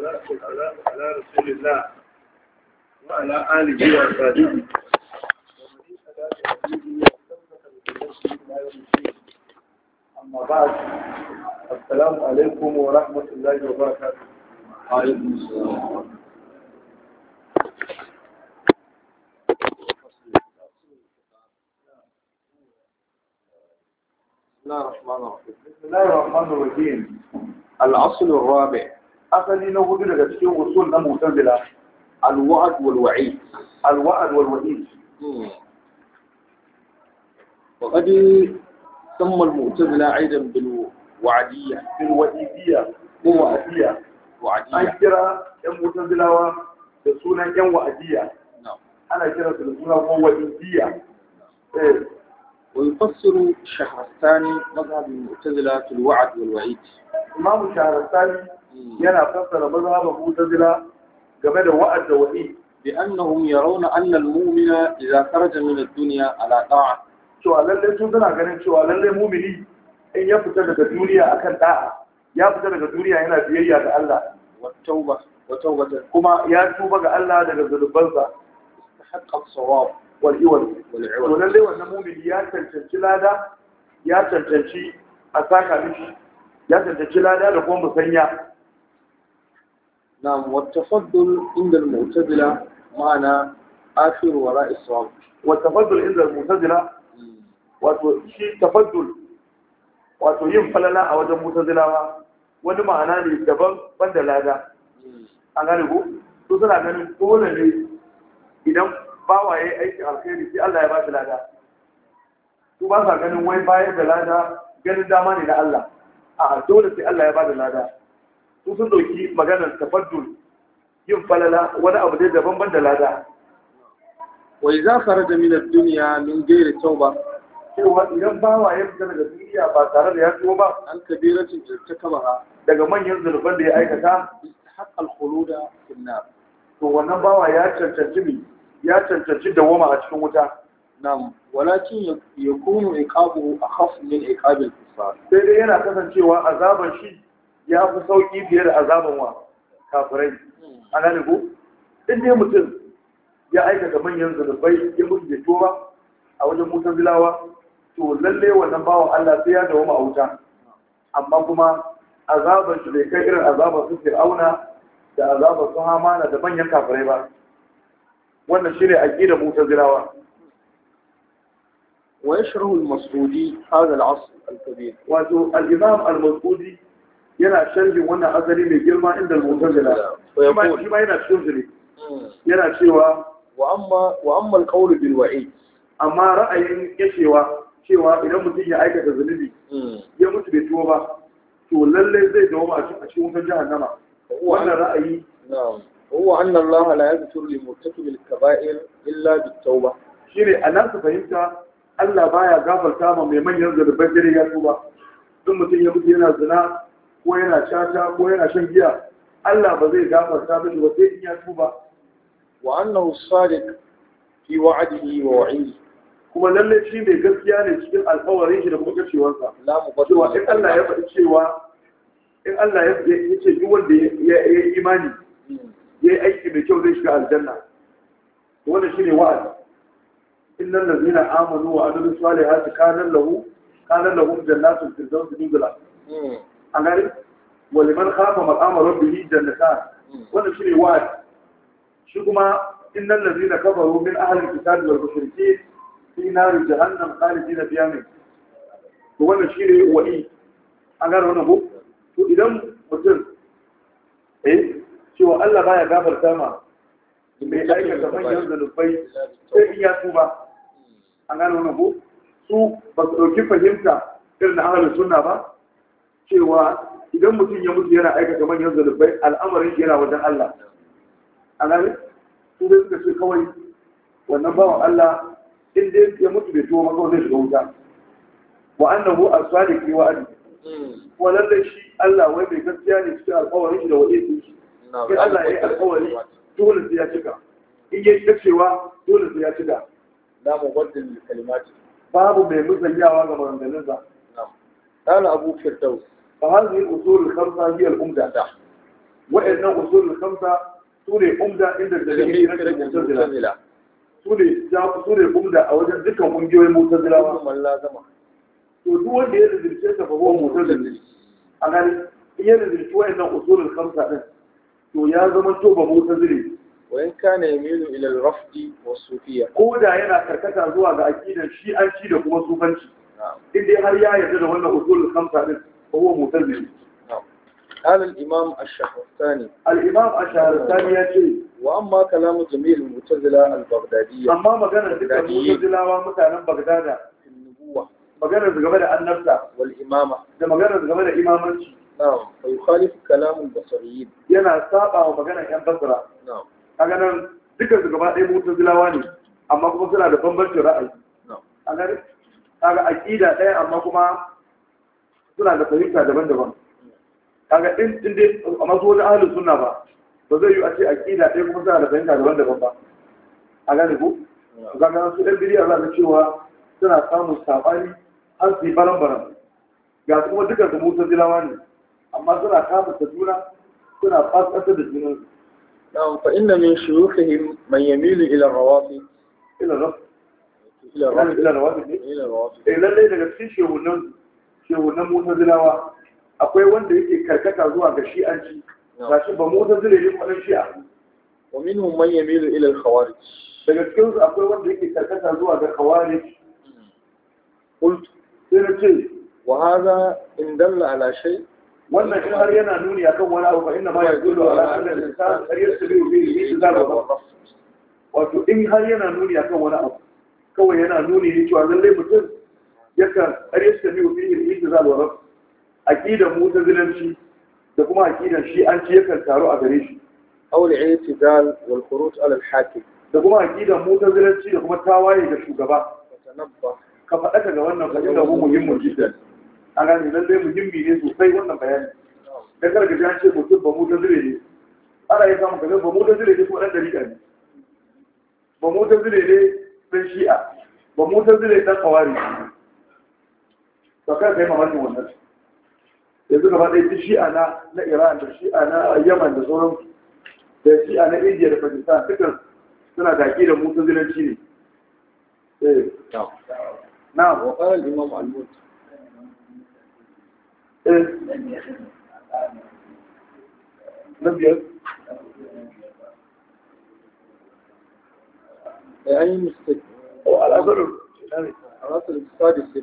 والسلام على رسول الله وعلى آله وصحبه ومن اهتدى أما بعد السلام عليكم ورحمة الله وبركاته وعليكم السلام بسم الله الرحمن الرحيم بسم الله الرحمن الرحيم العصر الرابع asali na hudu daga cikin usul na mutazila alwa'd wal wa'id alwa'd wal wa'id wa qad samma al mu'tazila aidan bil wa'diyya ko wa'diyya an kira yan mutazilawa da sunan yan wa'diyya ana kira su مذهب المعتزلة في الوعد والوعيد إمام شهرستاني yana fassara mazhaban mu'tazila game da wa'ad da wa'i bi annahum yarawna anna al-mu'mina idza kharaja min ad-dunya ala ta'a to lalle sun suna ganin cewa lalle mu'mini in ya fita daga duniya akan da'a ya fita daga duniya yana biyayya ga Allah wa tauba wa tauba kuma ya tuba ga Allah daga zulubansa haqqat sawab wal iwal wal iwal to lalle wannan mu'mini ya cancanci lada ya cancanci a saka mishi ya cancanci lada da kuma musanya نعم والتفضل عند المعتزلة معنى آخر وراء الصواب والتفضل عند المعتزلة وشيء تفضل wato yin falala a wajen mutazilawa wani ma'ana ne daban banda lada an gane ko su suna ganin dole ne idan bawa ya yi aikin alkhairi sai Allah ya ba shi lada su ba sa ganin wai bayan da lada ganin dama ne na Allah a dole sai Allah ya ba da lada su sun doki maganar tafaddul yin falala wani abu dai daban ban da lada za ka kharaja min ad-dunya min ghairi tauba cewa idan bawa ya fita daga duniya ba tare da ya tuba ba an kabiratin irtakabaha daga manyan zurfan da ya aikata haqqal khuluda fil nar to wannan bawa ya cancanci mi ya cancanci dawama a cikin wuta nam walakin yakunu iqabu akhaf min iqabil kufar sai dai yana kasancewa azaban shi ya fi sauƙi fiye da zaman wa kafirai a gane ko in mutum ya aikata manyan zunubai ya mutu da toba a wajen mutan zilawa to lalle wannan bawa Allah sai ya dawo a wuta amma kuma azaban shi bai kai irin azaban su fir'auna da azaban su hamana da manyan kafirai ba wannan shine aqidar mutan zilawa ويشرح المسعودي هذا العصر الكبير وإمام المسعودي yana canjin wannan asali mai girma inda al-mu'tazila shi ma yana cikin hmm. yana cewa wa amma wa amma al amma ra'ayin yacewa cewa idan mutum ya aikata zunubi hmm. ya mutu bai tuwo ba to lallai zai dawo a cikin wutar jahannama wannan ra'ayi na'am huwa anna Allah la yaghfiru lil murtakibil kaba'ir illa bit tauba shine anan su fahimta Allah baya gafarta ma mai manyan zulubai da ya tuba in mutum ya mutu yana zina ko yana caca ko yana shan giya Allah ba zai gafarta ba ba sai in ya tuba wa annahu sadiq fi wa'dihi wa wa'idi kuma lalle shi mai gaskiya ne cikin alƙawarin shi da kuma kacewarsa la mu in Allah ya faɗi cewa in Allah ya duk wanda ya yi imani hmm. ya yi aiki mai kyau zai shiga aljanna wannan shine wa'azi innal ladzina amanu wa amilu salihati kana lahu kana lahum jannatul firdaus nuzula an gane waliman khafa maqama rabbih jannatan wannan shine wani. shi kuma innal ladina kafaru min ahli alkitab wal mushrikeen fi nar jahannam na biya mai? to wannan shine wa'i an gane wannan ko to idan mutum eh cewa Allah baya gafarta ma mai aikata manyan zanubai sai in ya tuba an gane wannan ko su ba su ɗauki fahimta irin na ahalin suna ba cewa idan mutum ya mutu yana aikata manyan zulubai al'amarin yana wajen Allah a nan su dai suka ce kawai wannan bawan Allah in dai ya mutu bai tuwo maka zai shiga wuta wa annahu tsari ke wa adi wa lallai shi Allah wai mai gaskiya ne cikin alƙawarin shi da wa'idi shi in Allah ya yi alkawari dole sai ya cika in ya yi cewa dole sai ya cika la mubaddil kalimati babu mai musanyawa ga maganganunsa na'am Ɗan abu firdaus فهذه الأصول الخمسة هي الأمدة وإن الأصول الخمسة سوري أمدة عند الجميع سوري سوري أمدة أو ذكر من جوي متزلة من لازم to duk wanda ya rubuce ta fa huwa mutazil a gani ya rubuce wayannan usulul khamsa din to ya zama to ba mutazili wa in kana yamilu ila al-rafd wa sufiyya ko yana karkata zuwa ga aqidar shi'anci da kuma sufanci in har ya yarda da wannan usulul khamsa din هو متزل قال الإمام الشهرستاني الإمام الشهرستاني يقول وأما كلام جميع المعتزلة البغدادية أما مجانا ذكر المعتزلة ومتعنا بغدادا في النبوة مجانا ذكر النبسة والإمامة ده مجانا ذكر إمامة نعم ويخالف كلام البصريين ينا سابع ومجانا كان بصرة نعم أجانا ذكر ذكر أي معتزلة واني أما كما سنة لبنبرش رأي نعم أجانا أجيدا أما كما suna da fahimta daban-daban kaga din din dai a masu wajen ahalin suna ba ba zai yi a ce aƙida ɗaya kuma suna da fahimta daban-daban ba a gane ku. zanga su ɗan biriya za ka cewa suna samun saɓani har su yi baran-baran ga kuma dukkan su musa zilawa ne amma suna kafin ta juna suna fasasar da junan نعم فإن من شيوخهم من يميل إلى الروافض إلى الرفض إلى الرفض إلى الروافض shehunan mutazilawa akwai wanda yake karkata zuwa ga shi'anci ga shi ba mutazile ne kwanan shi'a wa minhum man yamilu ila al-khawarij daga cikin su akwai wanda yake karkata zuwa ga khawarij hmm. qult sai na ce wa hadha in dalla ala shay wannan shi har yana nuni akan wani abu fa inna ma yaqulu ala anna al-insan qad yastabihu bihi zalama wato in har yana nuni akan wani abu kawai yana nuni ne cewa lallai mutum yakan ƙarfi ta biyu fiye da ita zaɓa ƙidan aƙidan zinanci, da kuma a ƙidan shi an ci yakan taru a gare shi aure ya ce dal wal khuruj ala al hakim da kuma aƙidan da kuma tawaye ga shugaba ka faɗa ka ga wannan fa'in da muhimmin A gani zan lalle muhimmi ne sosai wannan bayani da kar ga ce mutum ba mutazile ne ana yi samun kaza ba mutazile ne kuma ɗan dariƙa ne ba mutazile ne ɗan shi'a ba zile ɗan kawari ba ka yi mamakin wannan yanzu gaba ɗaya shi'a na na iran da shi'a na yaman da sauran da shi'a na India da pakistan dukkan suna daƙi da mutum zilanci ne eh. na wakar imam al-mut eh. na biyar yi mistake sadis sai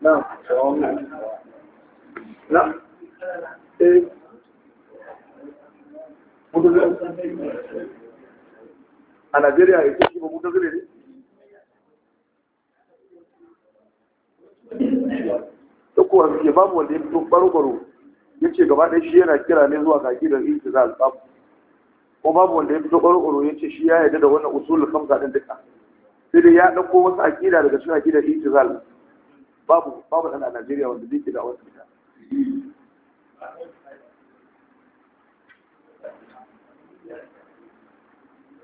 Eh, a najeriya ya ce shi ba mutu zire ne ta kowa ke babu wanda ya fito baro ya ce gaba ɗaya shi yana kira ne zuwa kaki da yin za a samu ko babu wanda ya fito baro ya ce shi ya yarda da wannan usulul kamsa ɗin duka sai dai ya ɗauko wasu akida daga cikin akidar itizal babu babu ɗan a Najeriya wanda zai ke da wasu fita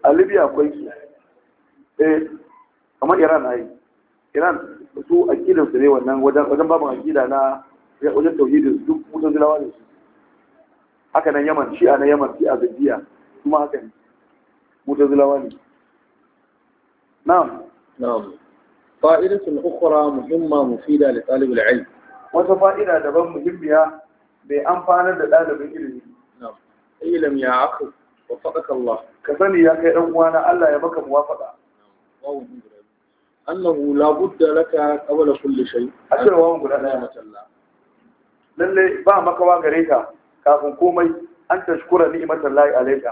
a Libya akwai su eh kamar Iran na yi Iran su aƙidar su ne wannan wajen babu aƙida na wajen tauhidin duk mutum zilawa ne su haka nan Yaman a na Yaman a zajiya kuma haka ne mutum zilawa ne na'am na'am fa'idatun ukhra muhimma mufida li talibul ilm wata fa'ida daban muhimmiya bai amfanar da ɗalibin ilimi na'am ilm ya akhu وفقك الله كفني يا كي أموانا ألا يبقى موافقة أنه لا بد لك قبل كل شيء أشير وهم قل أنا للي با مكوا غريكا كافن كومي أن تشكر نعمة الله عليك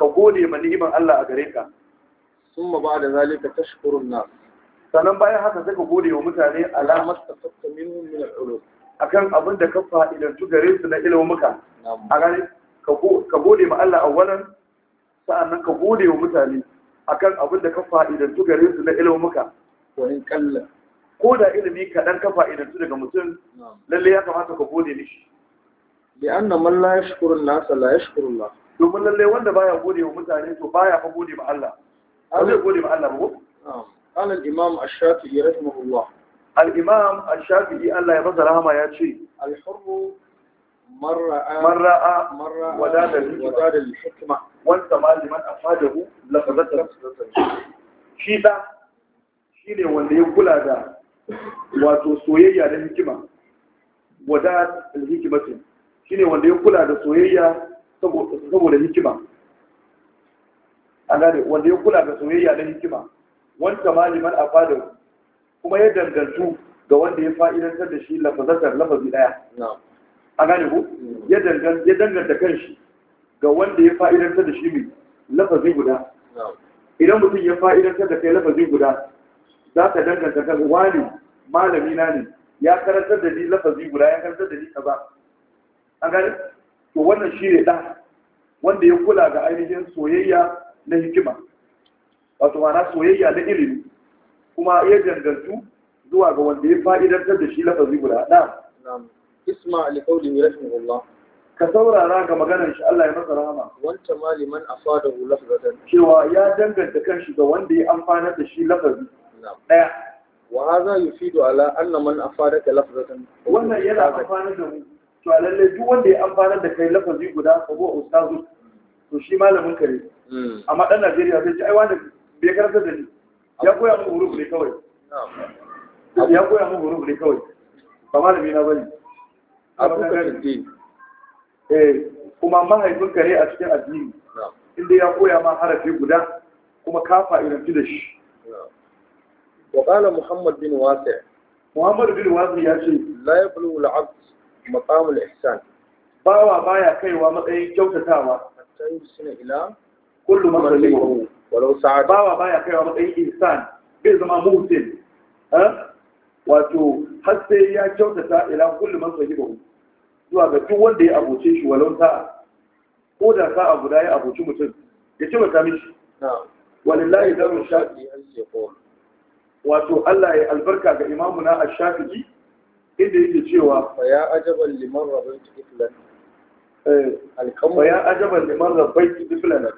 كقولي من نعمة الله أغريكا ثم بعد ذلك تشكر الناس sannan bayan haka sai ka gode wa mutane alamar ta tsafta minhum min al-ulum akan abin da ka fa'idantu gare su na ilimuka a gane ka gode ma Allah awwalan sa'annan ka gode wa mutane akan abin da ka fa'idantu gare su na ilimuka wani kalla ko da ilimi kaɗan ka fa'idantu daga mutum lalle ya kamata ka gode mishi bi anna man la yashkuru an-nas la yashkuru Allah domin lalle wanda baya gode wa mutane to baya fa gode ma Allah ba zai gode ma Allah ba ko قال الإمام الشافعي رحمه الله الإمام الشافعي الله يرضى رحمه يا شيء الحر مرة مرة مرة وداد وداد الحكمة وانت ما لمن أفاده لقد shi ɗa shi ne wanda ya kula da soyayya da shi ne wanda ya kula da soyayya saboda hikima a gane wanda ya kula da soyayya da hikima wanda maliman abada kuma ya dangantu ga wanda ya fa'idantar da shi lafazatar lafazi daya a gane ku ya danganta kan shi ga wanda ya fa'idantar da shi mai lafazi guda idan mutum ya fa'idantar da kai lafazi guda za ka danganta kan wani malami na ne ya karantar da ni lafazi guda ya karantar da ni ba a gane to wannan shi ne ɗan wanda ya kula ga ainihin soyayya na hikima wato ma'ana soyayya na ilimi kuma ya dangantu zuwa ga wanda ya fa'idantar da shi lafazi guda na isma alƙawli Allah. ka saurara ga maganar shi Allah ya masa rahama wanta maliman afadahu lafzatan cewa ya danganta kanshi ga wanda ya amfanar da shi lafazi ɗaya. wa hadha yufidu ala anna man afadaka lafzatan wannan yana amfanar da mu to lallai, duk wanda ya amfanar da kai lafazi guda ko ustazu to shi malamin kare hmm. amma ɗan Najeriya sai ai wanda bai karanta da ni ya koya mu huruf ne kawai ya koya mu huruf ne kawai ba malami na bane abin eh kuma mahaifin kare a cikin addini inda ya koya ma harafi guda kuma kafa ka fa'idanci da shi wa qala muhammad bin wasi muhammad bin wasi ya ce la yablu al-abd maqam al-ihsan bawa baya kaiwa matsayin kyautatawa hatta yusina ila kullu ma walau sa'ad bawa baya wa matsayin insan bai zama muhsin eh? wato har sai ya kyautata ila kulli man sahibahu zuwa ga duk wanda ya abuce shi walau sa'a ko da sa'a guda ya abuci mutum ya ci mata mishi walillahi mun shafi an ce wato Allah ya albarka ga imamuna ash-shafi'i inda yake cewa fa ya ajaban liman rabbaitu iflan eh alkamu ya ajaban liman rabbaitu iflan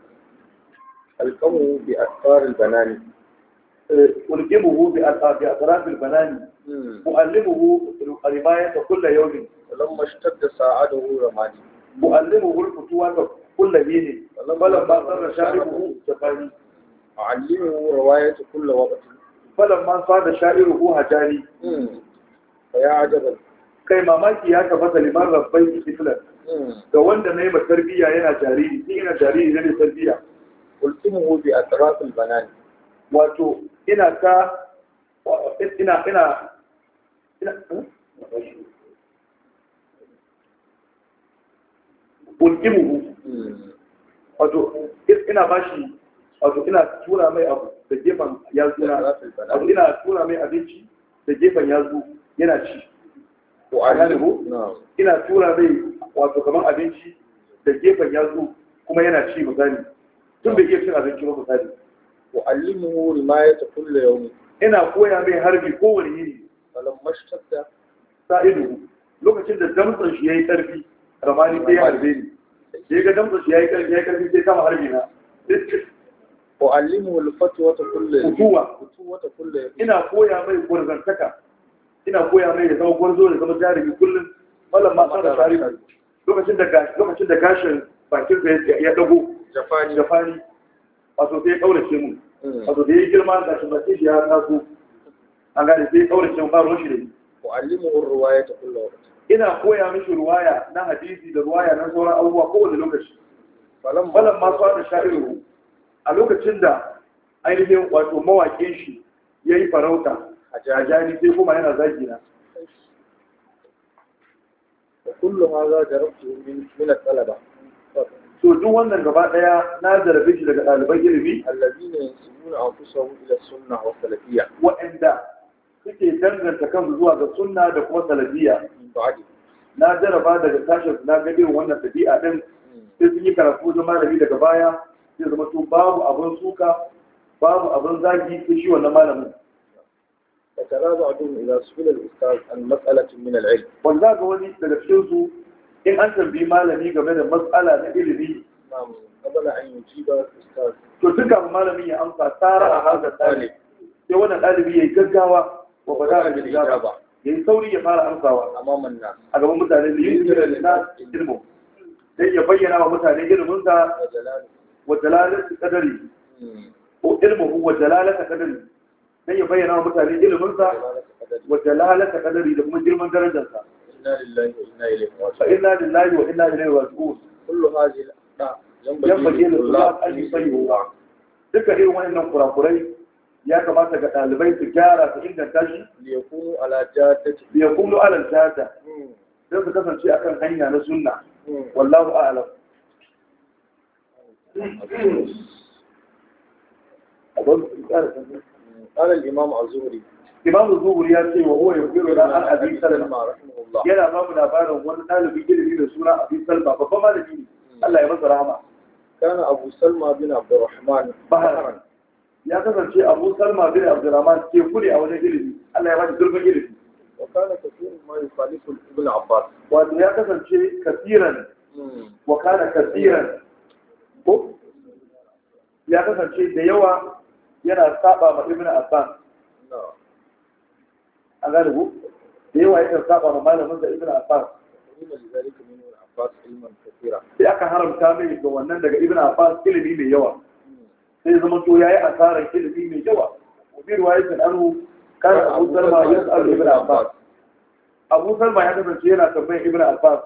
alƙamu bi asfarin banani ulqibuhu bi asrafil banani mu'allimuhu ribayata kulla yawmin lamma shtadda sa'aduhu ramani mu'allimuhu alfutuwa kulla yawmin falamma sarra sharibuhu jabani mu'allimuhu riwayata kulla waqtin falamma sada sha'iruhu hajani fa ya kai mamaki ya tabbata liman rabbai tiflan ga wanda nayi tarbiyya yana jariri ni ina jariri ne tarbiyya ultimuhu bi atrafil banani wato ina ta ina ina ina hm? hmm. wato ina bashi wato ina tura mai abu da gefen yazu na wato ina tura mai abinci da gefen yazu yana ci ko a ina tura mai wato kamar abinci da gefen yazu kuma yana ci mu tun bai iya cin abinci ba misali wa ya tafi da yau ina koya mai harbi kowane yini falam mashtadda sa'idu lokacin da damtsan shi yayi karfi ramani sai ya harbe ni sai ga damtsan shi yayi karfi yayi karfi sai kama harbi na wa alimu al-fatwa kulli yawm kuwa kutuwa kulli yawm ina koya mai gurzantaka ina koya mai da zama gwarzo da zama jarumi kullum malam ma tsara tarihi lokacin da gashin bakin da ya dago jafari jafari wato sai kaurace mu hmm. wato da ya girma da shi bace ya taso an gane sai kaurace mu ba ruwan shi da ni mu'allimu ruwaya ta kullu ina koya mishi ruwaya na hadisi da ruwaya na sauran abubuwa kowane lokaci falan falan ma sa da sha'iru a lokacin da ainihin wato mawaƙin shi ya yi farauta a jajani sai kuma yana zagi na kullum ma za ta rabu min min talaba to duk wannan gaba daya na zarafi shi daga ɗaliban ilimi allazina yansubuna anfusahum ila sunna wa salafiyya wa'anda suke danganta kansu zuwa ga sunna da kuma salafiyya na jaraba daga sashen na ga wannan tabi'a din hmm. sai sun yi karatu da malami daga baya sai zama to babu abin suka babu abin zagi sai shi wannan malamin da tarazu adun ila subil al-ustaz an mas'alatin min al-ilm wanda ga wani daga in an tambi malami game da matsala na ilimi to tun kafin malamin ya amsa tsara a hazar ɗalibi sai wannan ɗalibi ya yi gaggawa wa ba za a bi ba ya yi sauri ya fara amsawa a gaban mutane da yi na ilmin sai ya bayyana wa mutane ilminsa wa jalalar kadari hmm. ko ilmuhu wa jalalar kadari sai ya bayyana wa mutane ilminsa wa jalalar kadari da kuma girman darajarsa inna lillahi wa inna ilaihi raji'un fa inna lillahi wa inna ilaihi da yanbaghi lil ulama an yusayyuha duka irin wannan kurakurai ya kamata ga ɗalibai su gyara su inganta shi liyakunu ala jata liyakunu ala sai hmm. su kasance hanya na sunna hmm. a'lam قال الإمام الزهري imam zuhuri ya ce wa huwa yuqiru da an abi salama rahimahullah yana ba mu labarin wani talibi ilimi da suna Abin salma babban malami ne Allah ya masa rahama kana abu salma bin abdurrahman baharan ya kasance abu salma bin abdurrahman ke kure a wajen ilimi Allah ya ba shi zurfin ilimi wa kana kathirun ma yukhalifu ibn abbas wato ya kasance kasiran hmm. wa kana kasiran ko ya kasance da yawa yana saba ma ibn abbas agarihu da yawa yakan saba da malamin da ibn abbas sai aka haramta mai ga wannan daga ibn abbas ilimi mai yawa sai zama to yayi asarar ilimi mai yawa ubir wa yakan anhu kan abu salma ya tsara ibn abbas abu salma ya kasance yana tambayar ibn abbas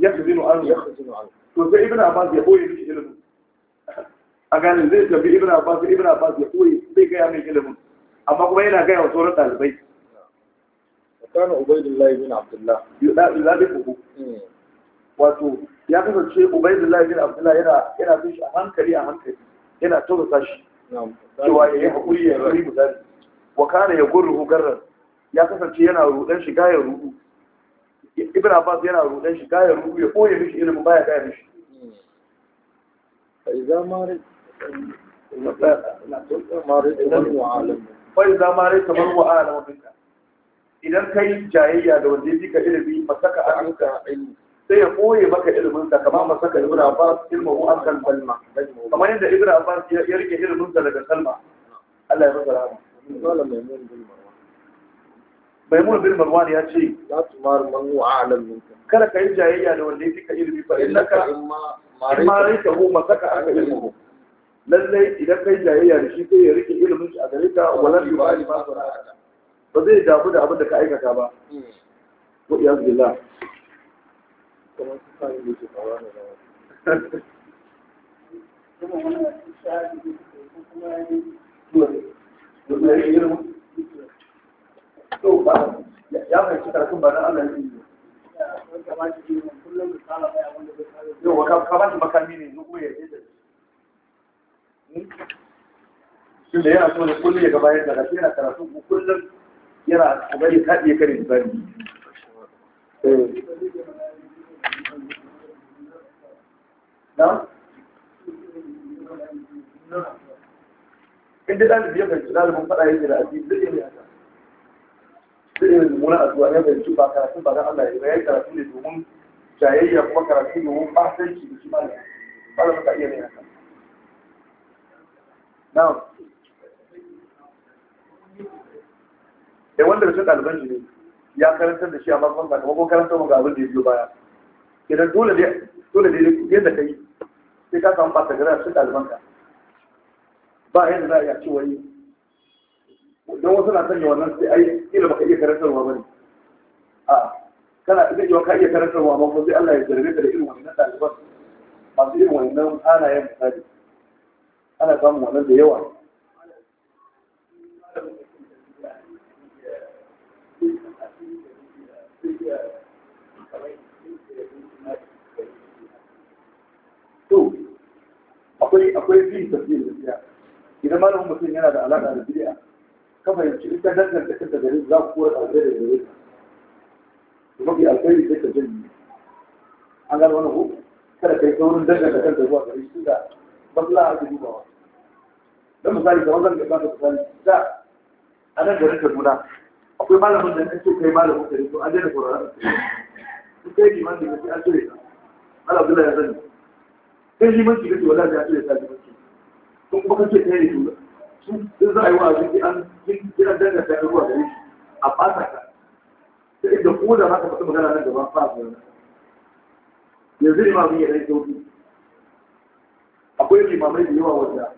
ya fi zinu anhu to sai ibn abbas ya koyi mishi ilimin a gane zai tafi ibn abbas ibn abbas ya koyi zai gaya mai ilimin اما کو بہنا گئے اور صورت ال بھائی كان عبيد الله بن عبد الله يدا يدا بكو واتو يا كنت شي عبيد الله بن عبد الله يرا يرا بيش هنكلي هنكلي يرا تو تاش نعم جوا يي بكو يي ري مزال وكان يغره غر يا كنت شي ينا رودن شي غاي رودو ابن عباس ينا رودن شي غاي رودو يقول يي بيش ينا مبايا غاي بيش فاذا مارد لا لا تقول مارد هو عالم Kawai za ma rai kamar wa ala mabinka idan ka yi jayayya da wanda ya ka ilimi masaka an ka ilimi sai ya koye maka ilimin kamar masaka ibn abbas ilmu an kan kalma kamar yadda ibn abbas ya rike ilimin daga kalma Allah ya masa rahama maimun bin marwan ya ce za su mara man a alam minka kada ka yi jayayya da wanda ya ka ilimi fa innaka in ma ta hu masaka aka ilmu lallai idan kai jayayya da shi sai ya rike ilimin shi a gare ka walan yi ba ba ba zai damu da abin da ka aikata ba hmm. ko iya su gila ne ke fara ya fahimci karfin ba na Allah ne yau ka ba shi makami ne zuwa ya je da shi shi da yana so da kullum ya gabayar da gaske, yana karatu ko kullum yana kokari ta iya kare misali eh. na in da ɗalibi ya fahimci ɗalibin faɗa yake da asiri zai iya mai haka zai iya mummunan addu'a ya fahimci ba karatun ba don Allah ya bayar karatu ne domin jayayya kuma karatu domin fasanci da shi malam ba za suka iya mai haka na'am eh, wanda shi ne ya karantar da shi a makon sakamakon karantar ga abin da ya biyo baya idan dole ne dole dai yadda ka yi sai ka samu ɓata gara rashin ɗaliban ka ba yadda za a yi a ce wani don wasu na sanya wannan sai ai kila baka iya karantarwa ba ne a kana zai yi ka iya karantarwa ba ko sai Allah ya zarge ka da irin wannan ɗaliban masu irin wannan halayen misali ana samun wannan da yawa to akwai akwai fi tafiyar gaskiya idan malamin mutum yana da alaƙa da bid'a ya ci ita da kanta gare za ku kora alheri da gare to mafi alheri sai ka janye an gano wani ko kada kai saurin danganta kanta zuwa gare shi da matsala a cikin dubawa don misali kamar zan gaba da misali da a nan garin kaduna akwai malamin da an ce kai malamin da to an daina sauraron da su kai liman da ke an cire ta. ala abdullahi ya sani kai liman ki kace wallahi ya cire ta liman ki ko kuma kace kai ne to sun za a yi wa abin an kira danga ta ruwa gare shi a fata ka sai da ko da haka mutum magana nan gaba fa yanzu mun ya rai sauƙi. akwai limamai da yawa wanda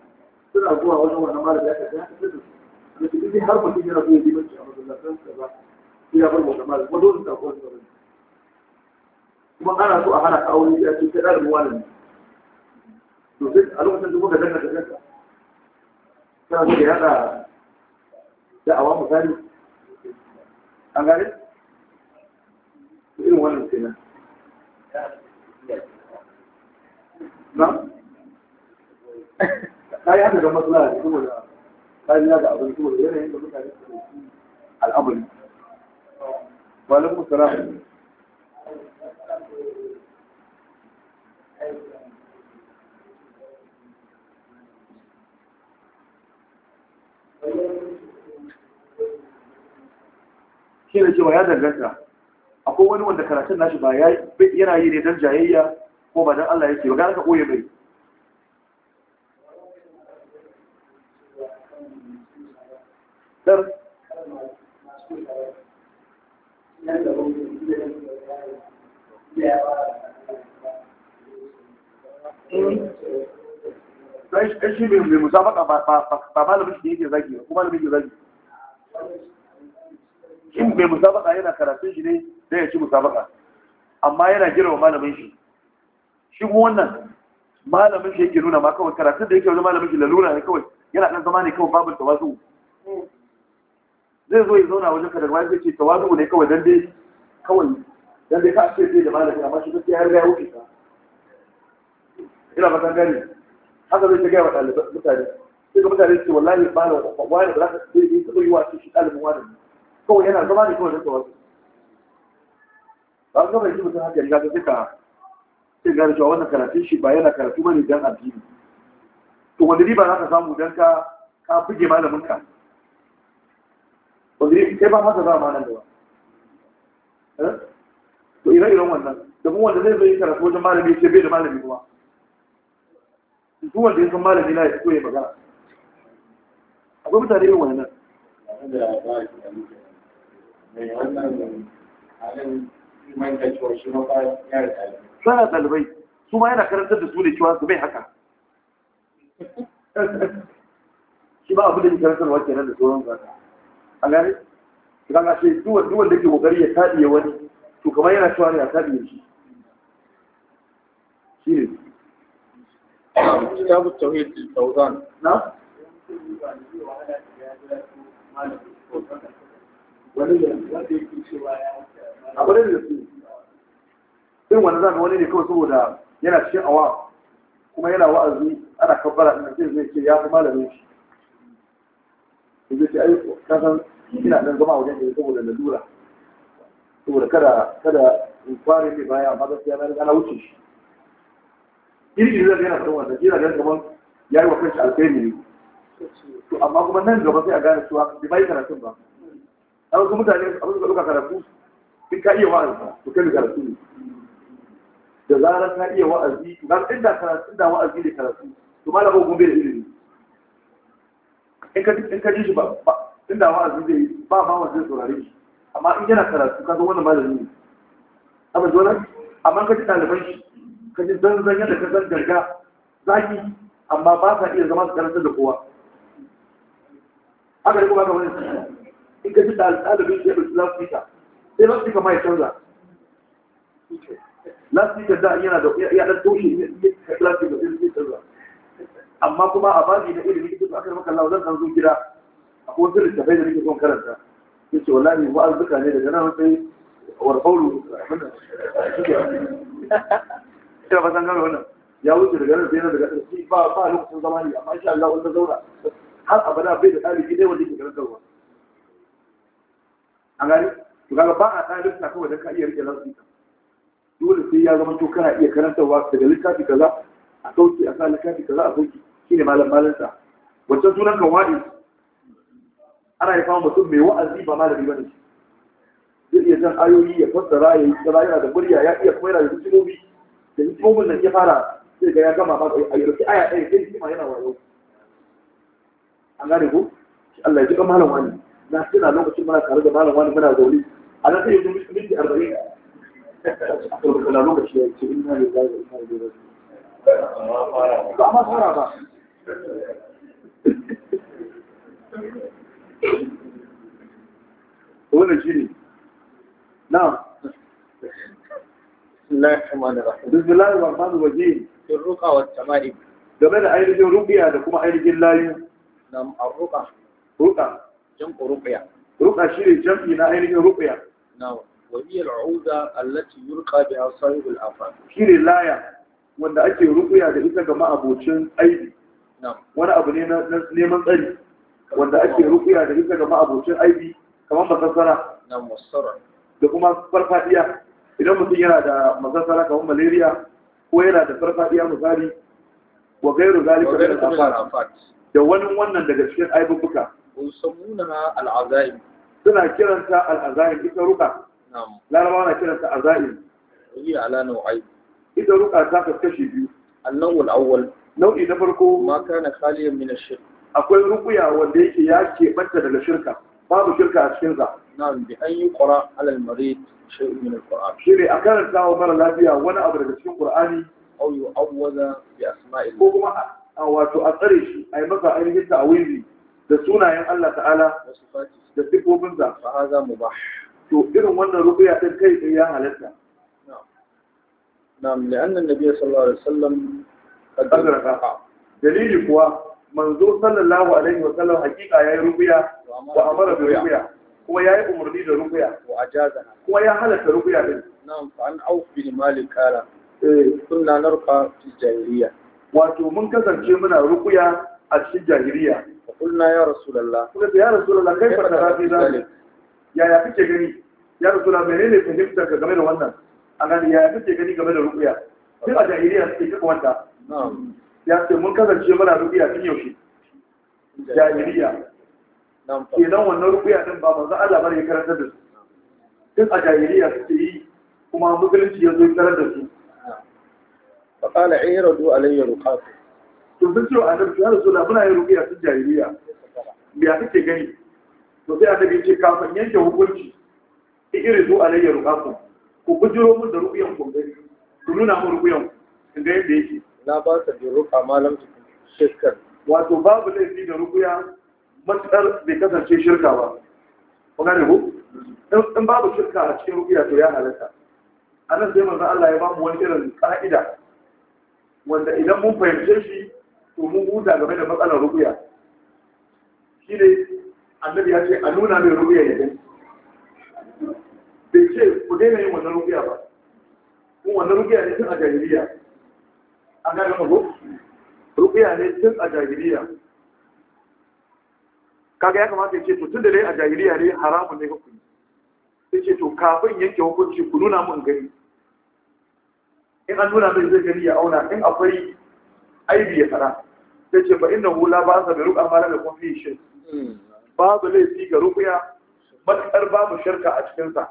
suna zuwa wani wannan malam ya tafi haka sai da su duk har mutum yana zuwa limanci a masallatan sa ba sai ya bar wannan malam kuma dole ta kowa da kuma ana so a hana ka aure ya ce kai ɗalibin wani ne to sai a lokacin da kuka danna da kanka ta ce yana da'awa misali an gane irin wannan kenan na kayi haka da matsala ne saboda kariya da abin saboda yanayin da mutane su ɗauki al'amari malin musara shi ne cewa ya danganta akwai wani wanda karatun nashi ba yana yi ne don jayayya ko ba don Allah yake ba ga aka koye bai dan shi mai musabaka ba malamin shi yake zagi ba kuma malamin yake zagi in mai musabaka yana karatun shi ne zai ya ci musabaka amma yana jira wa malamin shi shi wannan malamin shi yake nuna ma kawai karatun da yake wani malamin shi lalura ne kawai yana ɗan zama ne kawai babu wasu. zai zo ya zauna wajen ka da ma zai ce tawazu ne kawai dan dai kawai dan dai ka ce zai da malami amma shi gaskiya har ga ya wuce ka ina fatan gani haka zai ta gaya wa ɗaliban mutane sai ga mutane ce wallahi ba da wani ba za ka zai yi taɓa yi wa shi ɗalibin wani kawai yana zama ne kawai da wasu. ba ga mai ji haka ya ga sai ka sai gane cewa wannan karatun shi ba yana karatu bane dan addini to wanda riba za ka samu dan ka ka buge malamin ka wanda kai ba masa za a nan da ba eh? to ire-iren wannan da kuma wanda zai zai karatu wajen malami ce bai da malami kuma duk wanda ya san malami na ya fito ya magana akwai mutane irin wannan sana ɗalibai su ma yana karantar da su da cewa su bai haka shi ba abu da ya karantarwa kenan da sauran zaka a gane idan a ce duwan duwan da ke kokari ya taɗiye wani to kamar yana cewa ne a taɗiye shi shi ne kitabu tauhid fauzan na wani da yake cewa ya a kwanar da su irin wanda za wani ne kawai saboda yana cikin awa kuma yana wa'azi ana kabbara ɗin ce zai ce ya fi malamin shi sai ce ai kasan ina dan zama wajen da saboda lalura saboda kada kada in kware ne baya amma gaskiya na riga na wuce shi irin zai yana fatan wannan jira ganin gaban yayi wa kanshi alkhairi ne to amma kuma nan gaba sai a gane cewa bai bai karatu ba a wasu mutane abin suka ɗauka karatu in ka iya wa'azi to kai karatu ne da zarar ka iya wa'azi to ga inda karatu da wa'azi ne karatu to malamin gobe da ilimi in ka ji shi ba inda wa'azi zai ba ma wanda zai saurare shi amma in yana karatu ka san wannan malami ne amma dole amma ka ji ɗaliban shi ka ji zanzan yadda ka zan garga, zaki amma ba sa iya zama su karantar da kowa haka ne kuma ka wani in ka ji ɗalibin shi ya ɗauki lafika sai lafika ma ya canza lafika da yana da ya ɗan toshe ya ɗauki da sai ya canza amma kuma a babi da ilimi duk aka maka Allah zan zo gida akwai wasu littafai da nake son karanta yace wallahi ba arzuka ne daga nan sai warfaulu ina ba san gano wannan ya wuce daga nan sai daga shi ba ba lokacin zamani amma insha Allah wannan zaura har abada bai da ɗalibi dai wanda yake karantarwa a gani to kaga ba a ɗalibta kawai dan ka iya rike lafiya dole sai ya zama to kana iya karantarwa daga littafi kaza a sauki a sa littafi kaza a sauki shi ne malam malinsa wancan sunan kan waɗi ana yi fama mutum mai wa'azi ba malami ba ne zai iya jan ayoyi ya fassara ya yi yana da murya ya iya kuma yana da hikimomi da hikimomin nan ya fara sai ga ya gama ma a yi rufi aya ɗaya sai hikima yana wayo an gane ko Allah ya ji malam wani na na lokacin muna tare da malam wani muna zaune a nan sai ya zo minti arba'in a lokaci ya ce ina ne za a yi amma fara ba wani shi ne na bismillah ar zai ar-rahim fil ruqa wat tamaim game da ainihin ruqiya da kuma ainihin layu na ar-ruqa ruqa jam'u ruqiya ruqa shi ne jam'i na ainihin ruqiya na وهي yurka التي يلقى بها صاحب Shi ne laya wanda ake rukuya da ita gama abocin aiki. wani abu ne na neman tsari wanda ake rukuya da ita ga ma'abocin aibi kamar masassara da kuma farfadiya idan mutum yana da masassara kamar malaria ko yana da farfadiya misali wa gairu zalika min al-afat da wani wannan daga cikin aibubuka yusammuna al-azaim suna kiranta al-azaim ita ruka na'am larabawa na kiranta azaim yi ala nau'ai ita ruka ta kaskashi biyu annawul awwal nau'i na farko ma kana khaliyan min shirka. akwai rukuya wanda yake ya keɓanta daga shirka babu shirka a cikin sa na'am bi an yi qura ala al-marid shay'un min al-qur'an shiri a karanta wa mara lafiya wani abu daga cikin qur'ani aw yu'awwaza bi asma'il ko kuma a wato a tsare shi a yi masa ainihin ta'awili da sunayen Allah ta'ala da sifofin sa fa haza mubah to irin wannan rukuya ta kai ya halatta na'am la'anna an-nabiy sallallahu alaihi wasallam azraka dalili kuwa manzo sallallahu alaihi wa sallam hakika yayi rubiya wa amara da rubiya kuma yayi umarni da rubiya wa ajaza kuma ya halaka rubiya din na'am fa an auf bin malik kala eh kunna narqa fi jahiliya wato mun kasance muna rubiya a cikin jahiliya kulna ya rasulullah kuma ya rasulullah kai fa da rafi zalik ya ya kike gani ya rasulullah menene fahimtar ka game da wannan a gani ya kike gani game da rubiya sai a jahiliya suke kika kwanta? ya ce mun kasance mana rubiya tun yaushe jahiliya kenan wannan rubiya din ba manzo Allah bane ya karanta da su tun a jahiliya suke yi kuma musulunci ya zo ya karanta da su fa qala iradu alayya ruqat to sun ce annabi ya rasul muna yin rubiya tun jahiliya me ya ke gani to sai annabi ce kafin yanke hukunci zu alayya ruqat ku bujiro mun da rubiyan ku gani ku nuna mun rubiyan ku ga yadda yake na ba ka bi ruka malam shirkar wato babu laifi da rukuya matar bai kasance shirka ba kuma ne ku in babu shirka a cikin rukuya to ya halatta a nan sai manzo Allah ya ba mu wani irin ka'ida wanda idan mun fahimce shi to mun huta game da matsalar rukuya shi ne annabi ya ce a nuna mai rukuya ya gani bai ce ku daina yin wannan rukuya ba kuma wannan rukiya ne tun a jahiliya an gane mago rukiya ne tun a jahiliya kaga ya kamata ya ce to tun da dai a jahiliya ne haramun ne hukumi sai ce to kafin yanke hukunci ku nuna mun gani in an nuna mai zai gani ya auna in akwai aibi ya fara sai ce ba inda hu ba sa da ruka mara da kuma fi shi hmm. babu laifi ga ruqya matuƙar babu shirka a cikin sa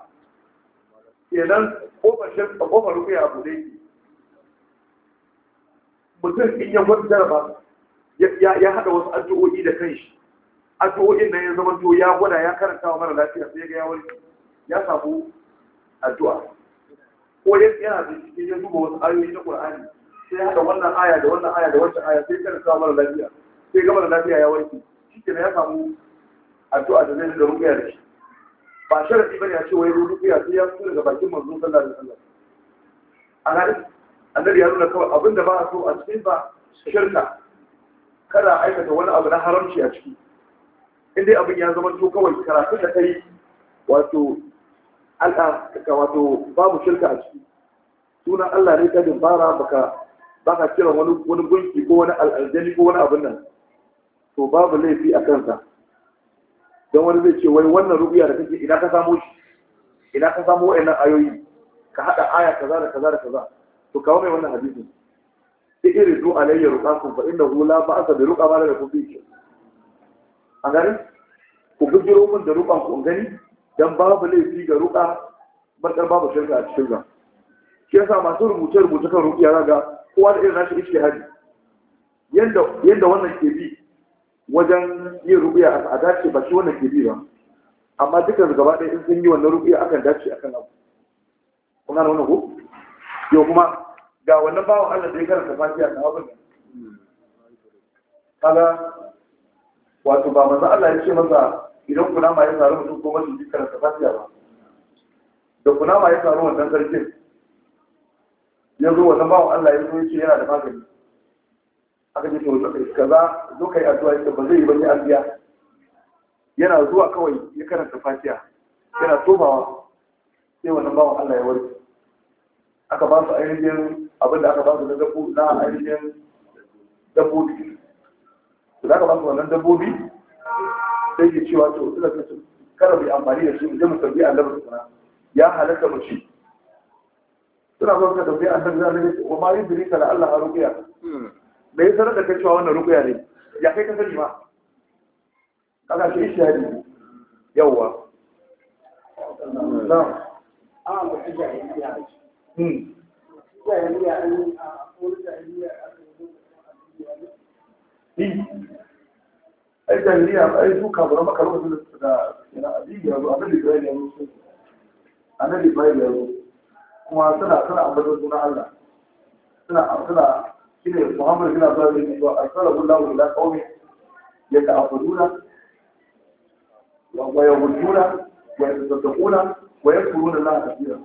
kenan kofar shirka kofar ruqya abu dai mutum in yi wata jaraba ya haɗa wasu addu'o'i da shi. addu'o'in na ya zama to ya gwada ya karanta wa mara lafiya sai ga yawon ya samu addu'a ko ya yana da cikin ya zuba wasu ayoyi na ƙur'ani, sai haɗa wannan aya da wannan aya da wancan aya sai karanta wa mara lafiya sai ga mara lafiya ya warke shi kenan ya samu addu'a da zai da rubuya da shi ba sharadi bane a ce wai rubuya sai ya fito daga bakin manzo sallallahu alaihi wasallam a annabi ya nuna kawai abin da ba a so a cikin ba shirka kada aikata wani abu na haramci a ciki inda abin ya zama to kawai karatu da kai wato al'a wato babu shirka a ciki suna Allah ne ta dubara baka baka kira wani wani gunki ko wani al'aljani ko wani abin nan to babu laifi a kansa don wani zai ce wai wannan rubiya da kake ina ka samo shi ina ka samo wa'annan ayoyi ka haɗa aya kaza da kaza da kaza to kawo mai wannan hadisin sai irin du alayya ruqakum fa hula ba a sabi ruqa ba da yakun fi A gani ku bijiro min da ruqan ku gani dan babu laifi ga ruqa barkar babu shirka a cikin ga shi yasa masu rubuce rubuce kan ruqiya zaga kowa da irin nashi ijtihadi yanda yanda wannan ke bi wajen yin ruqiya a dace ba shi wannan ke bi ba amma dukkan gaba ɗaya in sun yi wannan ruqiya akan dace akan abu kuma gane wannan ko yau kuma ga wannan bawa Allah da ya karanta fatiha ta haɓar kaga wato ba maza Allah ya ce masa idan kunama ya taru mutum ko masu ji karanta fasiya ba da kunama ya taru wannan sarkin ya zo wannan bawan Allah ya zo ya ce yana da magani aka ce to kaza zo kai addu'a ya ba zai yi ba ni an biya yana zuwa kawai ya karanta fasiya, yana tobawa sai wannan bawa Allah ya warke aka ba su ainihin abin da aka ba su na ainihin dabbobi su da aka ba su wannan dabbobi sai ke cewa to suna su kada mu amfani da shi mu je mu tambayi annabi ya halatta mu ci suna zo ka tambayi annabi zan ne kuma ma yudri da Allah da ya sanar da kai cewa wannan ruqiya ne ya kai ka sani ma kaga shi hari yawa na'am a mutum ya yi ai jahiliya ai duka kaburan maka da yana abiyu yanzu annabi ibrahim ya zo su annabi ibrahim ya zo kuma suna suna ambaton sunan allah suna suna shine muhammad bin abdullah bin wa arsalahu allah ila qaumi yata'abbuduna wa yawmuna wa yatasaddaquna wa yakfuruna allah kathira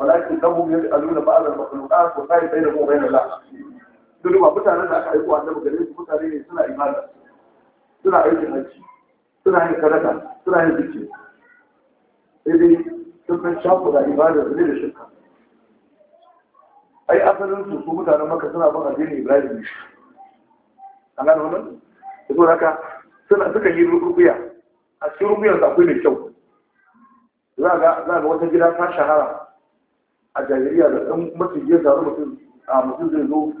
walakin kabu ya aluna ba'd al-makhluqat wa sai bayna mu bayna Allah duk ba mutanen da aka aiko annabi gare su mutane ne suna ibada suna aikin hajji suna yin sadaka suna yin zikiri sai dai sun kan shafu da ibada da da shirka ai asalin su su mutanen maka suna bin addinin Ibrahim ne an gano wannan da so haka suna suka yi rukuya a cikin rukuyar da akwai mai kyau za ga wata gida ta shahara a jahiliya da ɗan mutum ya zaru mutum a mutum zai zo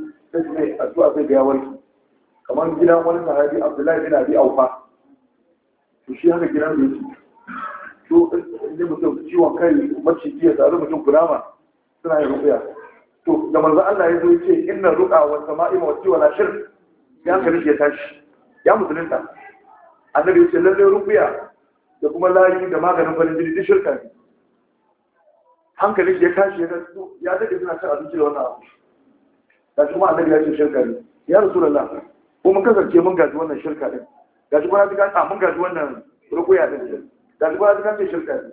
sai su a zuwa sai ga yawon kamar gidan wani sahabi abdullahi bin abi aufa to shi haka gina da yake to ne mutum ciwon kai mace ya zaru mutum kurama suna yin rufiya to da manzo Allah ya zo ya ce inna ruqa wa sama'i wa tiwa la shir ya kan ya tashi ya musulunta annabi ya ce lalle rufiya da kuma layi da maganin farin jini duk shirka ne hankalin da ya tashi ya daga suna cin abinci da wannan abu da kuma annabi ya ce shirka ne ya rasu lalla ko mun kasance mun gaji wannan shirka ne? ɗin shi kuma ji a mun gaji wannan rukuya ɗin shi kuma ji kan ce shirka ne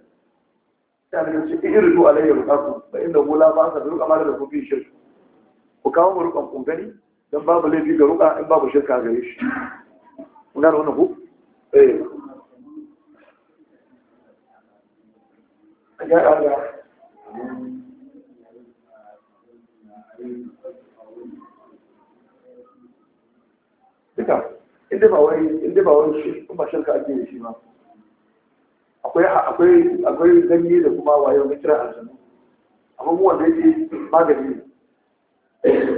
ya daga ce in rudu alayya rukaku ba inda gula ba sa da ruka da kun fi shirka ku kawo mu rukan kun gani don babu laifi ga ruka in babu shirka gare shi kun gane wannan ku eh ya duka inda ba wani shi ba shirka ake shi ba akwai akwai akwai ganye da kuma wayo na kira abubuwan amma yake magani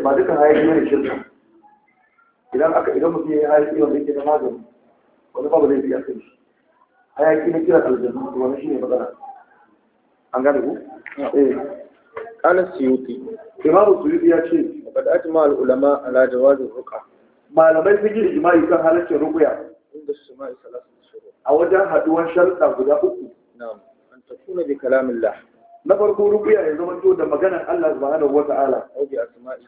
ba duka hayaki ne shirka idan aka idan mutum yayi hayaki wanda yake na magani wani babu zai biya kai hayaki na kira aljanu wani shi ne matsala an gane ku eh qala suyuti imamu suyuti ya ce qad ajma al ulama ala jawaz al ruqa malamai sun yi ijma'i kan halaccin ruqya inda sama'i salatu shuru a wajen haduwan sharuɗa guda uku na'am tafi takuna bi kalamillah na farko ruqya ya zama to da maganar Allah subhanahu wa ta'ala ko bi asma'i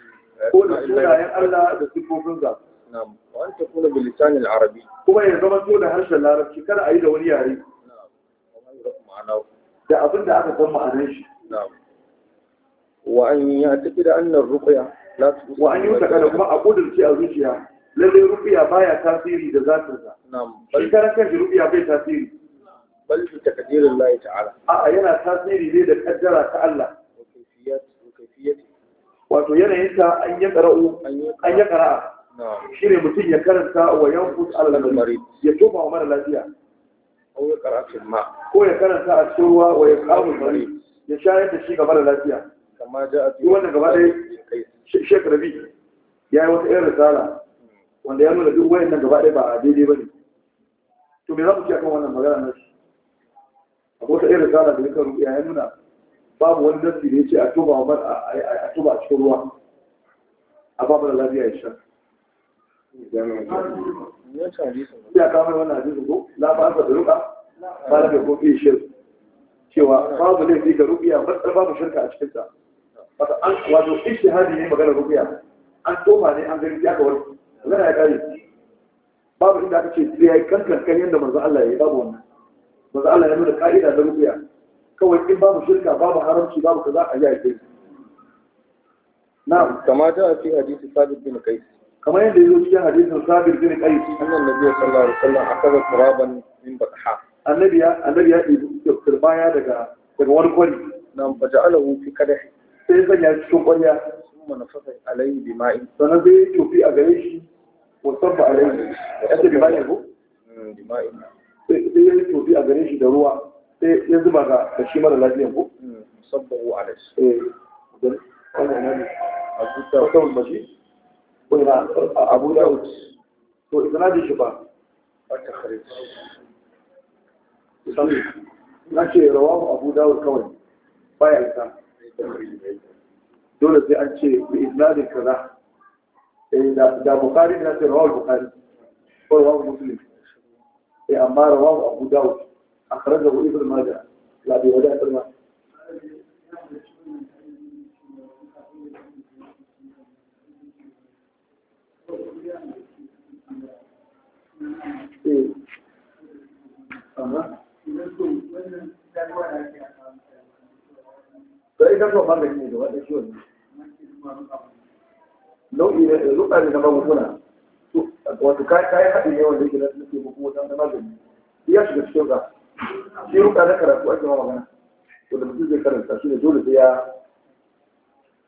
eh, ko da sunayen Allah da sifofin sa na'am wa an takuna bi arabi kuma ya zama to da harshen larabci kada a yi da wani yare na'am wa ma yurafu da abin da aka san ma'anar shi wa an ya tafi da annar ruqya la wa an yi takala kuma a kudurci a zuciya lallai ruqya baya tasiri da zatin shi karan kan ruqya bai tasiri bal bi taqdirin Allah ta'ala a yana tasiri ne da kaddara ta Allah wato yanayinta an yi qara'u an ya qara'a shine mutum ya karanta wa 'yan yanfus Allah al-marid ya toba wa mara lafiya ko ya karatu ma ko ya karanta a cikin ruwa wa ya kawo bari ya shayar da shi gaba da lafiya kama ja a cikin wannan gaba ɗaya shek rabi ya yi wata irin risala wanda ya nuna duk wayan nan gaba ɗaya ba a daidai ba ne to me za mu ci akan wannan magana na shi a wata irin risala da ya karu, ya nuna babu wani dafi da ya ce a tuba a cikin ruwa a babu da lafiya ya sha ya kama mai wannan hadisin ko la ba an sa da ruka ba da ko fi shirk cewa babu laifi ga rubiya matsar babu shirka a cikinta wata an wato hadi ne magana rubiya an tofa ne an gani ya kawar zana ya kare babu inda aka ce sai yi kankan kan yadda manzo Allah ya yi babu wannan manzo Allah ya nuna ka'ida da rubiya kawai in babu shirka babu haramci babu kaza a yi kai na'am kama a ce hadisi sabit bin kai kama yanda zo cikin hadisin sabit bin kai annabi sallallahu alaihi wasallam akaba turaban min bakha annabi ya annabi ya ɗebi turbaya daga daga wani kwari nan fa ja'alahu fi qadahi sai sanya cikin kwarya thumma nafasa alayhi bima'in sannan zai yi tofi a gare shi wa sabba alayhi ya ce bima'in ko mm, bima'in sai ya tofi a gare shi da ruwa sai ya zuba ga da shi mara lafiya ko Ba mm, sabbahu alayhi eh dan wannan ne abu ta wannan bashi ko a abu da da'ud to idan da shi ba a takhrij na ce rawahu abu dawud kawai baya isa dole sai an ce bi isnadin kaza eh, da bukari na ce rawahu bukari ko rawahu muslim eh amma rawahu abu dawud akhrajahu ibn majah la bi wada tarma eh amma to ita kuma magani ne da wata nau'i ne da eh, zuɓa ne na magunguna wato kayan haɗin ne wanda ke da suke kuma wata na magani ya shiga cikin ka shi ruka na karatu ake ma magana to da mutum zai karanta shi ne dole sai ya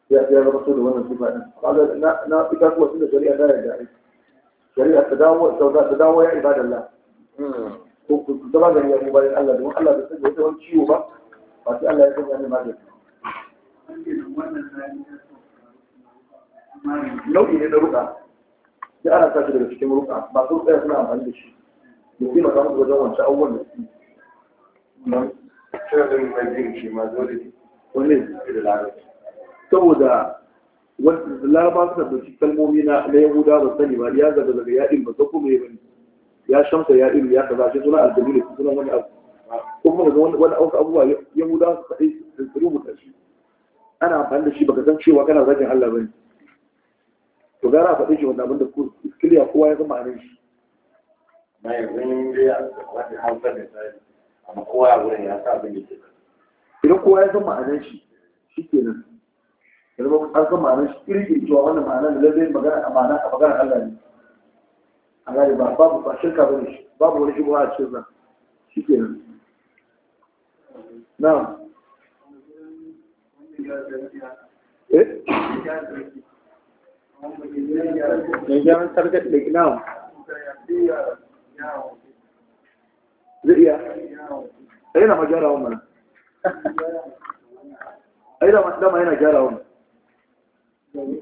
ya ya zama so da wannan sifa din kaga na na ita kuma tunda shari'a ta yarda shari'a ta dawo ta dawo ya ibadallah hmm. ko ku zama gani ya bayan Allah domin Allah da sanya wata wani ciwo ba ba sai Allah ya sanya ne magani nau'i ne na ruka sai ana sa shi daga cikin ruka ba su tsaya suna amfani da shi da kuma za mu wajen wancan abubuwan da su shirin mai jin shi ma dole wani da larabci saboda laraba suna da cikin kalmomi na yahuda ba sani ba ya zaga zaga yaɗin ba ko kuma ya bane ya shamsa ya iri ya kaza shi suna aljamilu suna wani abu kuma ga wani wani abubuwa yahuda su faɗi su rubuta shi ana amfani da shi baka san cewa kana zagin Allah bane to gara a faɗi shi wanda abin da ku iskiliya kowa ya zama anan shi na yanzu in dai wani hausa da tsari amma kowa ya wurin ya sa abin da ke idan kowa ya san ma'anar shi shi kenan yanzu an san ma'anar shi irin cewa wannan ma'anar da zai magana a ma'ana a magana Allah ne a gane ba babu ba shirka babu wani shi a cikin nan shi ke nan na eh gyaran target da zai iya a yana ma wani a yana ma yana wani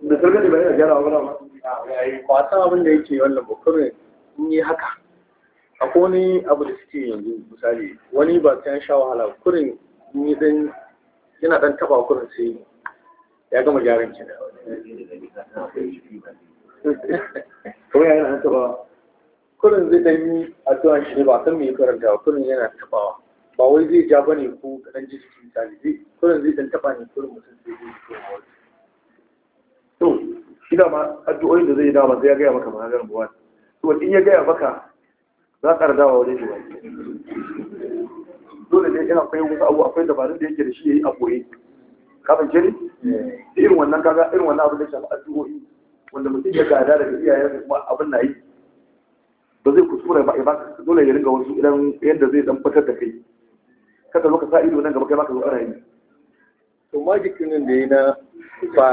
da target ba yana gyara wani ba san abin da yake wannan bakwai in yi haka akwai wani abu da suke yanzu misali wani ba ta sha wahala kurin ni dan yana dan taba kurin sai ya gama gyaran ki da kuma yana dan taba kurin zai dan yi addu'a shi ne ba san me karanta ba kurin yana tabawa ba wai zai ja bane ko kadan ji cikin misali kurin zai dan taba ne kurin mutum sai zai to shi ma addu'o'in da zai yi dama sai ya gaya maka maganar buwa to in ya gaya maka za ka dawa wajen shi wani dole ne ina akwai wasu abu akwai dabarun da yake da shi ya yi a koye kafin kiri eh. irin wannan kaga irin wannan abin da shafi addu'o'i wanda mutum ya gada daga iyayen kuma abin na yi ba zai kuskura ba ba dole ya ringa wasu idan yadda zai dan fitar da kai kada zo ka sa ido nan gaba kai ma ka zo ana yi to magic nan da yana ba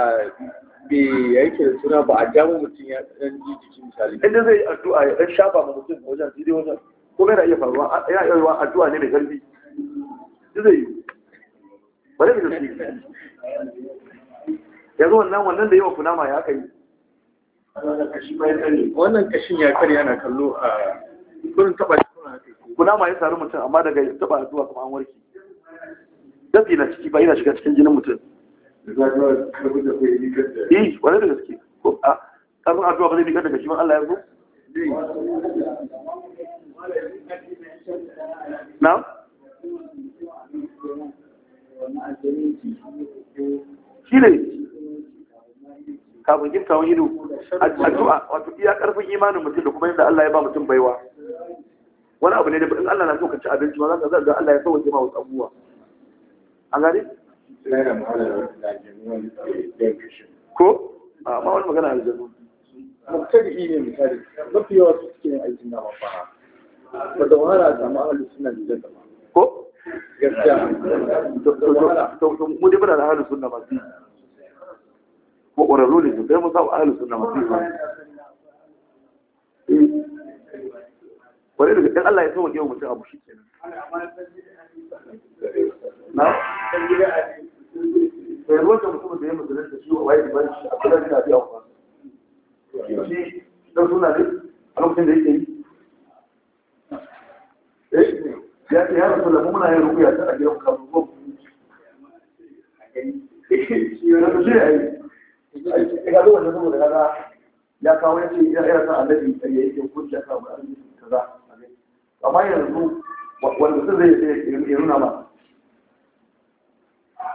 bai yake da suna ba a jamu mutum ya ɗan ji jiki misali inda zai addu'a ya ɗan shafa ma mutum wajen daidai wajen kuma yana iya faruwa yana iya yiwa addu'a ne mai ƙarfi zai yi bari mu tafi yanzu wannan wannan da yawa kunama ya kai wannan kashin ya karya na kallo a kurin taba kunama ya sari mutum amma daga taɓa addu'a kuma an warke dafi na ciki ba yana shiga cikin jinin mutum eh wane da gaske ko addu'a ba zai miƙar daga shi Allah ya zo na shi ne kafin giftawan ido addu'a wato iya karfin imanin mutum da kuma yadda Allah ya ba mutum baiwa wani abu ne da in Allah na so ka ci abinci ma za ka ga Allah ya sauke jima wasu abubuwa an gane ko a ma wani magana aljanu mubtadi ne misali mafi yawa su suke yin aikin da mafaha ba da wahala a samu ahalu suna da zai ko gaskiya mu dai muna da ahalu suna masu yi ko ƙwararru ne sai mun samu ahalu suna masu yi wani daga ɗan Allah ya sauwa yau mutum abu shi kenan na bai wanda mutum da ya da shi wa a kudin da biya shi don suna ne a lokacin da yake yi eh, ya ce ya rasu da muna yin rukuya ta a gidan ko ya kawo ya rasa annabi ya yi hukunci a kan kaza amma yanzu wanda sun zai nuna ba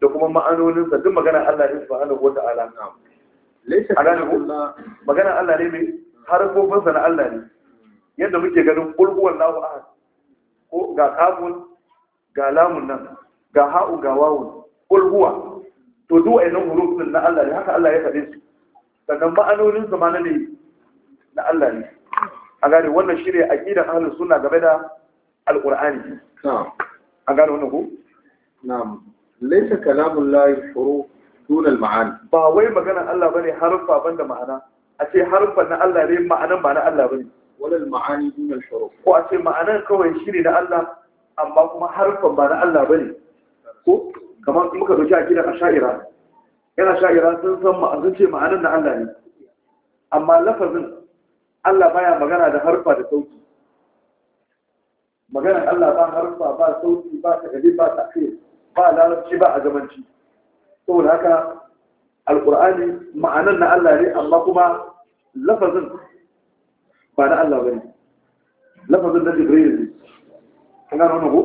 da kuma ma'anoninsa duk magana Allah ne su wata'ala wata Allah magana Allah ne mai harfofin sa na Allah ne yadda muke ganin qulhuwan lahu a ko ga kafun ga lamun nan ga ha'u ga wawun qulhuwa to zuwa wayannan hurufin na Allah ne haka Allah ya faɗe su sannan ma'anoninsa ma na ne na Allah ne a gane wannan a ƙidan ahalin suna game da alƙur'ani a gane wannan ku? na'am laisa kalamun layi furu dunal ma'ani ba wai maganan Allah bane harfa banda ma'ana a ce harfan na Allah ne ma'anan ba na Allah bane walal ma'ani dunal shuruf ko a ce ma'anan kawai shiri na Allah amma kuma harfan ba na Allah bane ko kamar muka dauki a gidan asha'ira yana sha'ira sun san ma'azin ce ma'anan na Allah ne amma lafazin Allah baya magana da harfa da sauti maganar Allah harfa ba sauti ba ta gari ba ta ba larabci ba a zamanci. saboda haka alkur'ani ma'anar na Allah ne amma kuma lafazin ba na Allah ba ne lafazin na jibril ne kana nuna ko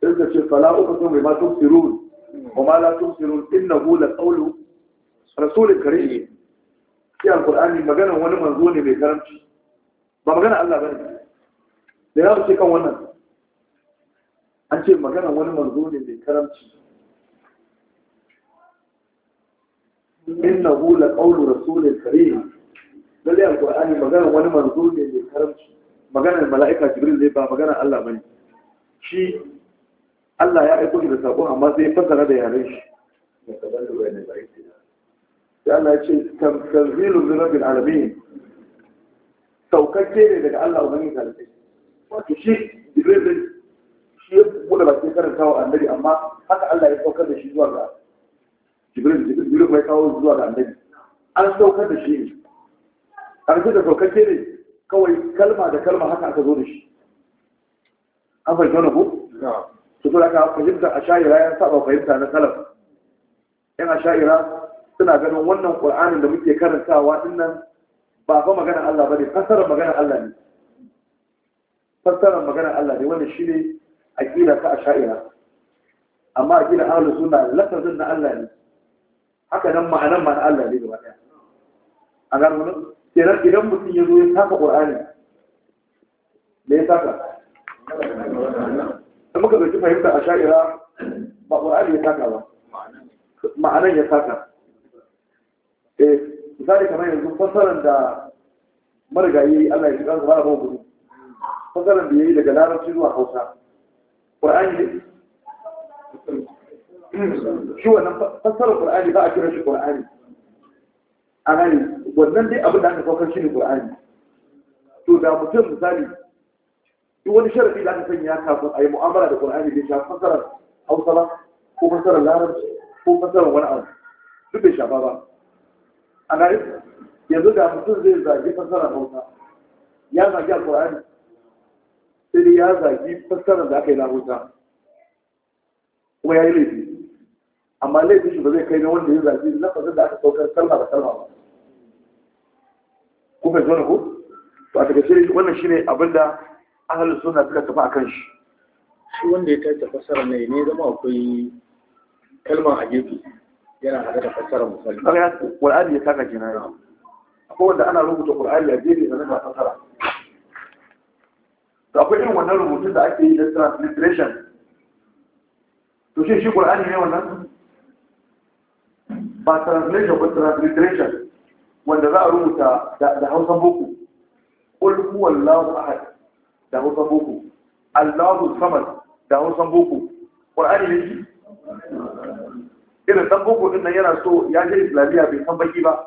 sai ka ce fala uku sun bai ma tufsirun wa ma la tufsirun innahu la qawlu rasulin karim shi alkur'ani maganar wani manzo ne mai karanci ba magana Allah bane ne da ya ce kan wannan an ce magana wani manzo ne mai karamci innahu la qawlu rasulin karim lalle alqur'ani magana wani manzo ne mai karamci maganar mala'ika jibril ne ba maganar Allah bane shi Allah ya aiko shi da sako amma sai ya fassara da yaren shi sai Allah ya ce tanzilu min rabbil alamin saukakke ne daga Allah ubangiji kalmai wato shi jibril shi ya buɗe baki karanta wa annabi amma haka Allah ya saukar da shi zuwa ga Jibril Jibril mai kawo zuwa ga annabi an saukar da shi ne an ji da saukake ne kawai kalma da kalma haka aka zo da shi an fahimta na ku? su tura ka fahimta a sha'ira ya saba fahimta na salaf yan a sha'ira suna ganin wannan ƙur'anin da muke karantawa dinnan ba fa maganar Allah ba ne fassarar maganar Allah ne fassarar maganar Allah ne wannan shi ne aƙida ta asha'ira amma aƙida ahlus sunna lafazin na Allah ne haka nan ma'anan ma na Allah ne gaba ɗaya a garmunan kenan idan mutum ya zo ya saka ƙur'ani me ya saka da muka ɗauki fahimta a sha'ira ba ƙur'ani ya saka ba ma'anan ya saka eh misali kamar yanzu fassarar da marigayi Allah ya ji kansu ba da gudu fassarar da ya yi daga larabci zuwa hausa ƙur'ani ne shi wannan fassarar ƙur'ani ba a kira shi ƙur'ani a nan wannan dai abin da aka saukar shi ne ƙur'ani to da mutum misali shi wani sharafi da aka sanya ya kafa a yi mu'amala da ƙur'ani ya shafi fassarar hausa ba ko fassarar larabci ko fassarar wani abu duk bai shafa ba a nan yanzu da mutum zai zagi fassarar hausa ya zagi alƙur'ani sai ya zagi fassarar da aka yi lahuta kuma ya yi laifi amma laifin shi ba zai kai na wanda ya zagi lafazin da aka saukar kalma da kalma ba ku zo na ku to a takaice wannan shine abin da ahalin suna suka tafi a kan shi shi wanda ya tace fassara ne ne zama akwai kalma a gefe yana hada da fassara misali kaga ya qur'ani kenan akwai wanda ana rubuta qur'ani a gefe da na fassara da akwai irin wannan rubutun da ake yi da transliteration to shi shi ƙur'ani ne wannan ba translation ba transliteration wanda za a rubuta da hausan boko ƙul huwallahu ahad da hausan boko allahu samad da hausan boko ƙur'ani ne shi irin ɗan boko ɗin nan yana so ya je islamiyya bai san baki ba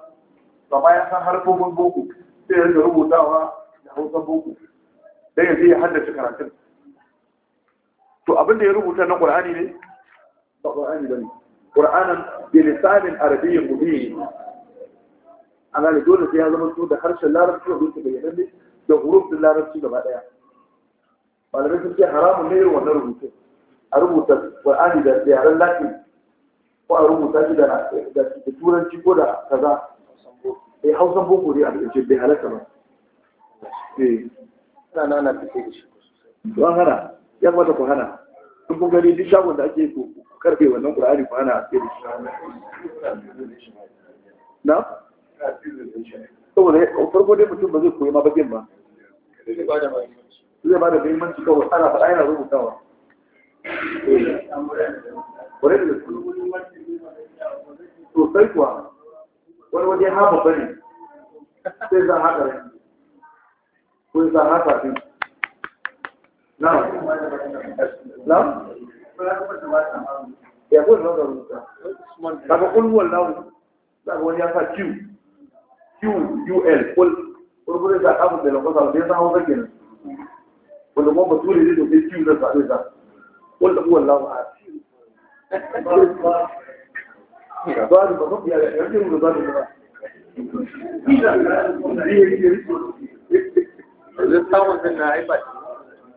ba ma ya san harfofin boko sai ya rubuta rubutawa da hausan boko dan yanzu ya haddace karatun to abin da ya rubuta na qur'ani ne ba qur'ani bane qur'anan bi lisanin arabiyyin mubin an da, dole sai ya zama su da harshen larabci da zuwa bayyana ne da huruf din larabci gaba daya malamai sun ce haramun ne irin wannan rubutun a rubuta qur'ani da yaren latin ko a rubuta shi da turanci ko da kaza eh hausan boko ne a cikin bai halatta ba eh. na na fice da shi to an hana ya kamata ku hana duk kun gani duk shagon da ake ku karfe wannan qur'ani ku hana shi. na saboda farko dai mutum ba zai koyi ma bakin ba zai ba da muhimmanci kawai ana faɗa yana rubutawa kwarai da su sosai kuwa wani waje ha babba ne sai za a haɗa rai kun san haka fi na na ya kun da rubuta daga kulwal na daga wani ya sa q q ul kul kurkure da abu da lokuta da ya san hausa kenan wanda kuma ba ture ne domin q na sa zai kul da kuwal na a zalim ba mafi yare yankin da zalim ba Yanzu samun din na ai ba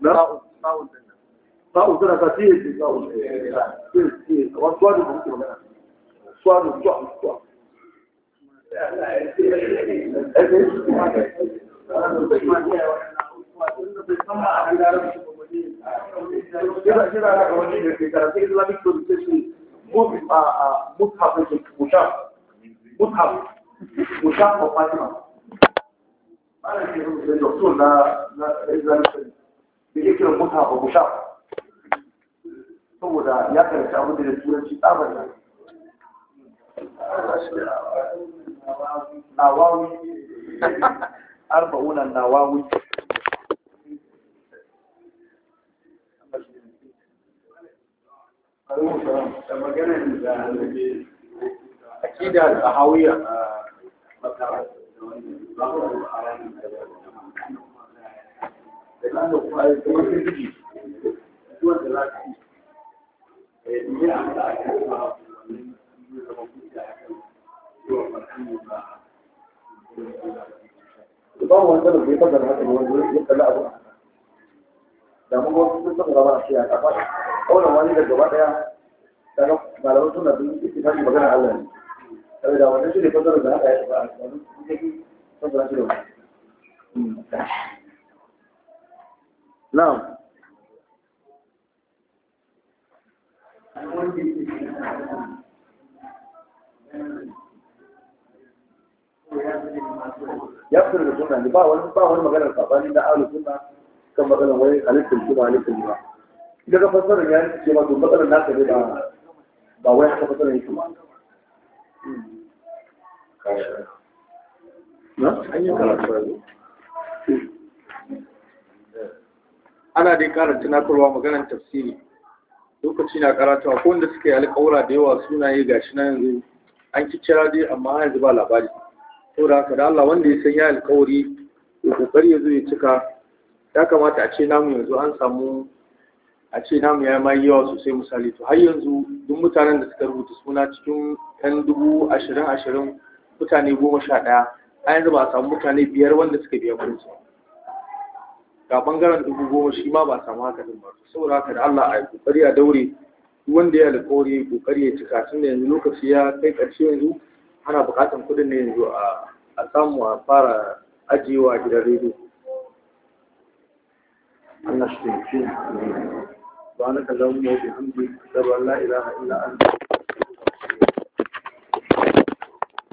na samun din samun suna ka tiye ce samun tiye tiye kamar suwa da muke magana suwa da suwa suwa Kira kira na kamar ne da ke karatu Islamic Communication Mushaf Mushaf Mushaf of Fatima. انا الدكتور لا لا بيجي كده متعب ومشعب saboda ya karanta abu da turanci tsabar nan nawawi arba'una nawawi da maganar da akida da hawiya a makarar ba mu wanda bai fadar haka ne wanda ya kalli da mun wasu sun saka gaba a shi a kafa kaunan wani da gaba daya daga malaman suna sun yi magana Allah ne saboda wannan ne ya shiga a cikin da suna ne ba wani maganar sabanin da alu suna kan maganar wai halittar shi halittar ba idan ka fasarar ya ce ma to matsalar naka ne ba ba wai haka fasarar yake ba hmm. ana dai karanta na kurwa maganar tafsiri lokaci na karatawa ko wanda suka yi alƙawura da yawa sunaye gashi na yanzu an kira dai amma an yanzu ba labari da haka da Allah wanda ya san ya alkawari ya kokari ya zo ya cika ya kamata a ce namu yanzu an samu a ce namu ya ma yawa sosai misali to har yanzu duk mutanen da suka rubuta suna cikin yan dubu ashirin ashirin mutane goma sha ɗaya a yanzu ba a samu mutane biyar wanda suka biya kudin ga bangaren dubu goma shi ma ba a samu haka din ba saboda haka da Allah a yi kokari a daure wanda ya alƙawari ya kokari ya cika tun da yanzu lokaci ya kai ƙarshe yanzu ana buƙatar kuɗin ne yanzu a samu a fara ajiyewa a gidan rediyo Allah shi ne ba na kallon mu bi hamdi da la ilaha illa allah.